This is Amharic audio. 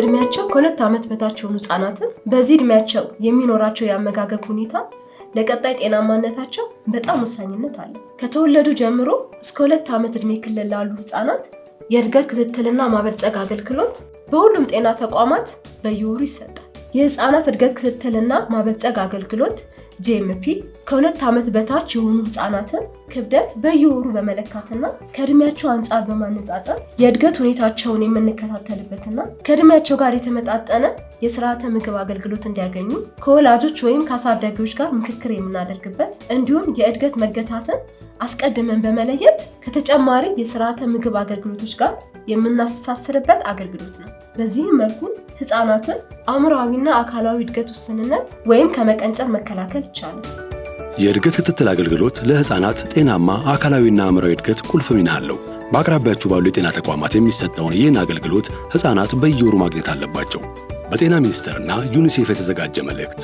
እድሜያቸው ከሁለት ዓመት በታች የሆኑ ህጻናትን በዚህ እድሜያቸው የሚኖራቸው የአመጋገብ ሁኔታ ለቀጣይ ጤናማነታቸው በጣም ወሳኝነት አለ። ከተወለዱ ጀምሮ እስከ ሁለት ዓመት እድሜ ክልል ላሉ ህጻናት የእድገት ክትትልና ማበልጸግ አገልግሎት በሁሉም ጤና ተቋማት በየወሩ ይሰጣል። የህፃናት እድገት ክትትልና ማበልጸግ አገልግሎት ጂኤምፒ ከሁለት ዓመት በታች የሆኑ ህፃናትን ክብደት በየወሩ በመለካትና ከእድሜያቸው አንጻር በማነጻጸር የእድገት ሁኔታቸውን የምንከታተልበትና ከእድሜያቸው ጋር የተመጣጠነ የስርዓተ ምግብ አገልግሎት እንዲያገኙ ከወላጆች ወይም ከአሳዳጊዎች ጋር ምክክር የምናደርግበት እንዲሁም የእድገት መገታትን አስቀድመን በመለየት ከተጨማሪ የስርዓተ ምግብ አገልግሎቶች ጋር የምናስተሳስርበት አገልግሎት ነው። በዚህም መልኩ ህፃናትን አእምሯዊና አካላዊ እድገት ውስንነት ወይም ከመቀንጨር መከላከል ይቻላል። የእድገት ክትትል አገልግሎት ለህፃናት ጤናማ አካላዊና አእምሯዊ እድገት ቁልፍ ሚና አለው። በአቅራቢያችሁ ባሉ የጤና ተቋማት የሚሰጠውን ይህን አገልግሎት ህፃናት በየወሩ ማግኘት አለባቸው። በጤና ሚኒስቴርና ዩኒሴፍ የተዘጋጀ መልእክት